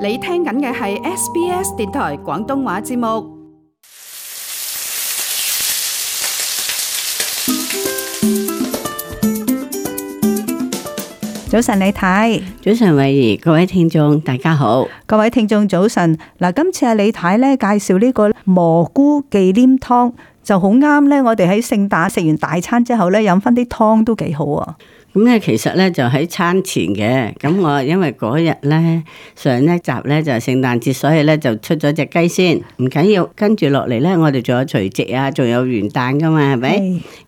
你聽緊嘅係 SBS 電台廣東話節目。早晨李太，早晨偉兒，各位聽眾大家好，各位聽眾早晨。嗱，今次阿李太咧介紹呢個蘑菇忌廉湯就好啱咧，我哋喺聖誕食完大餐之後咧飲翻啲湯都幾好啊。咁咧，其實咧就喺餐前嘅。咁我因為嗰日咧上一集咧就係聖誕節，所以咧就出咗隻雞先，唔緊要。跟住落嚟咧，我哋仲有除夕啊，仲有元旦㗎嘛，係咪？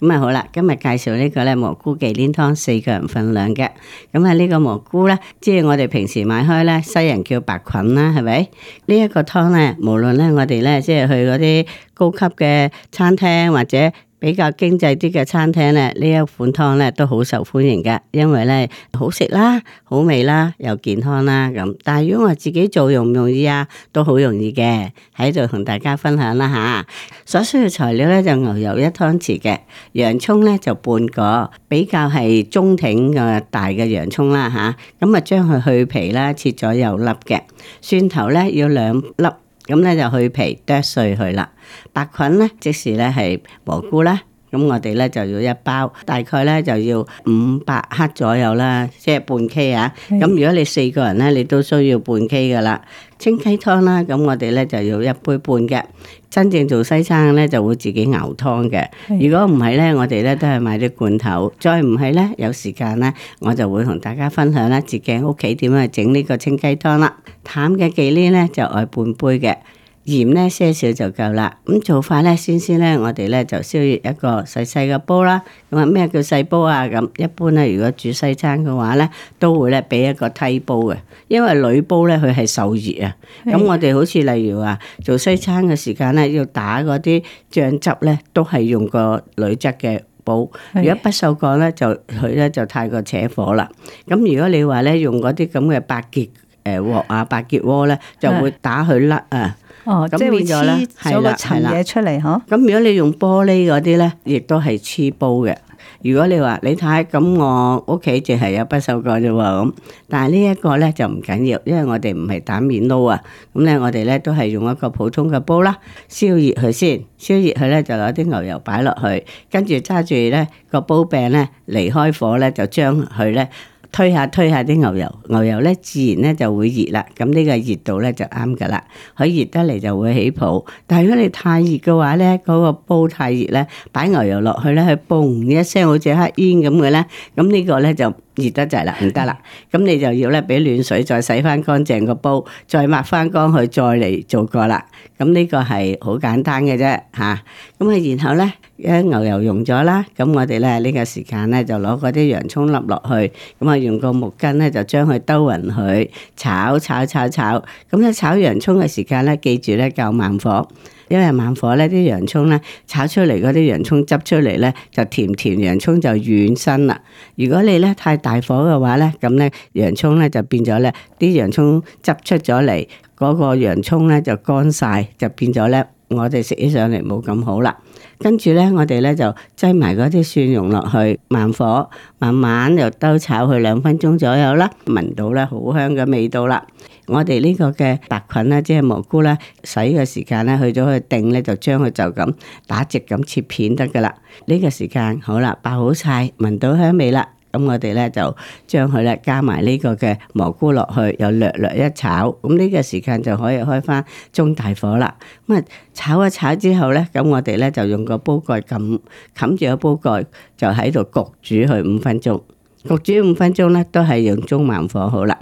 咁啊是好啦，今日介紹呢個咧蘑菇忌廉湯，四個人份量嘅。咁啊呢個蘑菇咧，即係我哋平時買開咧，西人叫白菌啦，係咪？呢、這、一個湯咧，無論咧我哋咧，即係去嗰啲高級嘅餐廳或者。比較經濟啲嘅餐廳呢，呢一款湯呢都好受歡迎㗎，因為呢好食啦、好味啦、又健康啦咁。但係如果我自己做容唔容易啊？都好容易嘅，喺度同大家分享啦吓。所需嘅材料呢就牛油一湯匙嘅，洋蔥呢就半個，比較係中挺嘅大嘅洋蔥啦吓。咁啊將佢去皮啦，切咗又粒嘅蒜頭呢，要兩粒。咁呢就去皮剁碎佢啦，白菌呢，即是呢係蘑菇啦。咁我哋咧就要一包，大概咧就要五百克左右啦，即係半 K 啊的。咁如果你四個人咧，你都需要半 K 噶啦。清雞湯啦，咁我哋咧就要一杯半嘅。真正做西餐咧就會自己熬湯嘅。如果唔係咧，我哋咧都係買啲罐頭。再唔係咧，有時間咧，我就會同大家分享咧自己屋企點樣整呢個清雞湯啦。淡嘅忌廉咧就愛半杯嘅。鹽咧些少就夠啦。咁做法咧，先先咧，我哋咧就燒熱一個細細嘅煲啦。咁啊，咩叫細煲啊？咁一般咧，如果煮西餐嘅話咧，都會咧俾一個梯煲嘅，因為鋁煲咧佢係受熱啊。咁我哋好似例如話做西餐嘅時間咧，要打嗰啲醬汁咧，都係用個鋁質嘅煲。如果不鏽鋼咧，就佢咧就太過扯火啦。咁如果你話咧用嗰啲咁嘅易潔誒鑊啊，易潔鍋咧，就會打佢甩啊。哦，咁變咗啦，係啦，係啦。咁的如果你用玻璃嗰啲咧，亦都係黐煲嘅。如果你話你睇，咁我屋企淨係有不鏽鋼啫喎，咁。但係呢一個咧就唔緊要，因為我哋唔係打麵撈啊。咁咧我哋咧都係用一個普通嘅煲啦，燒熱佢先，燒熱佢咧就攞啲牛油擺落去，跟住揸住咧個煲柄咧離開火咧就將佢咧。推下推下啲牛油，牛油自然就會熱啦。咁呢個熱度咧就啱㗎啦，佢熱得嚟就會起泡。但如果你太熱嘅話咧，嗰個煲太熱咧，擺牛油落去咧，佢嘣一聲好似黑煙咁嘅咧，咁呢個咧就。熱得滯啦，唔得啦，咁你就要咧俾暖水再洗翻乾淨個煲，再抹翻乾去，再嚟做過啦。咁呢個係好簡單嘅啫嚇。咁啊，然後咧，啲牛油溶咗啦，咁我哋咧呢個時間咧就攞嗰啲洋葱粒落去，咁啊用個木棍咧就將佢兜匀佢炒炒炒炒，咁咧炒，炒，炒，炒，炒洋葱嘅時間咧記住咧夠慢火。因為慢火咧，啲洋葱咧炒出嚟嗰啲洋葱汁，汁出嚟咧，就甜甜洋葱就軟身啦。如果你咧太大火嘅話咧，咁咧洋葱咧就變咗咧，啲洋葱汁，汁出咗嚟，嗰個洋葱咧就乾晒，就變咗咧。我哋食起上嚟冇咁好啦，跟住咧，我哋咧就擠埋嗰啲蒜蓉落去，慢火慢慢又兜炒佢兩分鐘左右啦，聞到咧好香嘅味道啦。我哋呢個嘅白菌呢，即係蘑菇咧，洗嘅時間咧去咗佢定咧，就將佢就咁打直咁切片得㗎啦。呢、這個時間好啦，爆好晒，聞到香味啦。咁我哋咧就將佢咧加埋呢個嘅蘑菇落去，又略略一炒。咁呢個時間就可以開翻中大火啦。咁啊炒一炒之後咧，咁我哋咧就用個煲蓋咁冚住個煲蓋，蓋，就喺度焗煮佢五分鐘。焗煮五分鐘咧，都係用中慢火好啦。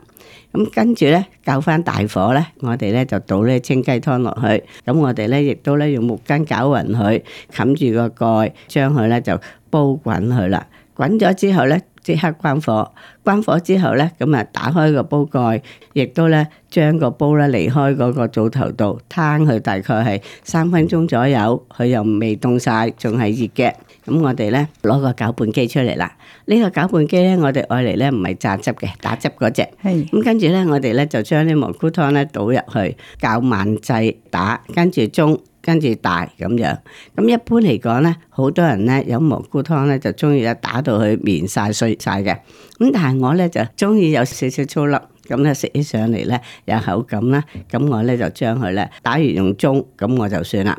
咁跟住咧，校翻大火咧，我哋咧就倒咧清雞湯落去。咁我哋咧亦都咧用木棍攪勻佢，冚住個蓋，蓋，將佢咧就煲滾佢啦。滾咗之後咧。即刻關火，關火之後咧，咁啊打開個煲蓋，亦都咧將個煲咧離開嗰個灶頭度攤佢，大概係三分鐘左右，佢又未凍晒，仲係熱嘅。咁我哋咧攞個攪拌機出嚟啦。呢、這個攪拌機咧是，我哋愛嚟咧唔係榨汁嘅打汁嗰隻，咁跟住咧我哋咧就將啲蘑菇湯咧倒入去，較慢製打跟住中。跟住大咁樣，咁一般嚟講咧，好多人咧飲蘑菇湯咧就中意咧打到佢綿晒碎晒嘅，咁但係我咧就中意有少少粗粒，咁咧食起上嚟咧有口感啦，咁我咧就將佢咧打完用盅，咁我就算啦。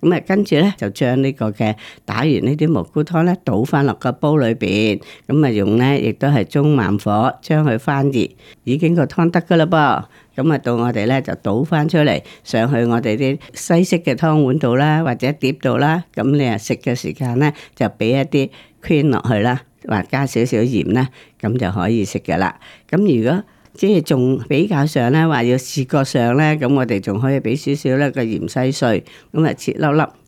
咁啊，跟住咧就將呢個嘅打完呢啲蘑菇湯咧，倒翻落個煲裏邊。咁啊，用咧亦都係中慢火將佢翻熱，已經個湯得噶啦噃。咁啊，到我哋咧就倒翻出嚟上去我哋啲西式嘅湯碗度啦，或者碟度啦。咁你啊食嘅時間咧就俾一啲忌廉落去啦，或加少少鹽啦，咁就可以食噶啦。咁如果，即係仲比較上咧，話要視覺上咧，咁我哋仲可以俾少少咧個芫茜碎，咁啊切粒粒。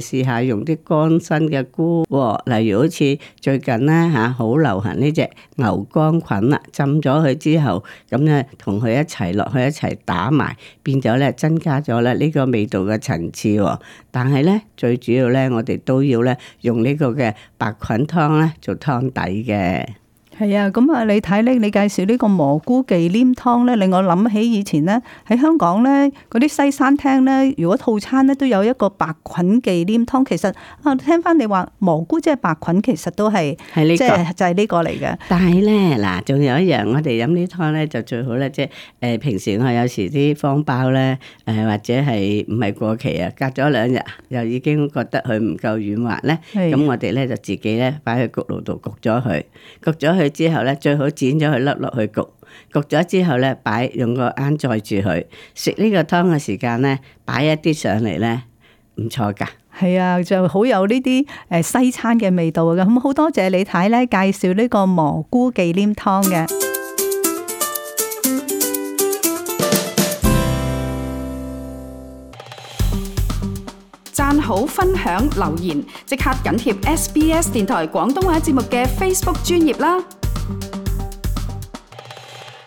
試下用啲乾身嘅菇，例如好似最近咧吓好流行呢隻牛肝菌啦，浸咗佢之後，咁咧同佢一齊落去一齊打埋，變咗咧增加咗咧呢個味道嘅層次。但係咧最主要咧，我哋都要咧用呢個嘅白菌湯咧做湯底嘅。係啊，咁啊，你睇呢，你介紹呢個蘑菇忌廉湯咧，令我諗起以前咧喺香港咧嗰啲西餐廳咧，如果套餐咧都有一個白菌忌廉湯，其實啊，聽翻你話蘑菇即係白菌，其實都係即係就係呢個嚟嘅。但係咧嗱，仲有一樣，我哋飲呢湯咧就最好咧，即係誒平時我有時啲方包咧誒或者係唔係過期啊，隔咗兩日又已經覺得佢唔夠軟滑咧，咁的我哋咧就自己咧擺喺焗爐度焗咗佢，焗咗佢。之後咧，最好剪咗佢粒落去焗，焗咗之後咧，擺用個羹載住佢食呢個湯嘅時間咧，擺一啲上嚟咧，唔錯噶，係啊，就好有呢啲誒西餐嘅味道噶。咁好多謝你睇咧介紹呢個蘑菇忌廉湯嘅，讚好分享留言，即刻緊貼 SBS 電台廣東話節目嘅 Facebook 專頁啦。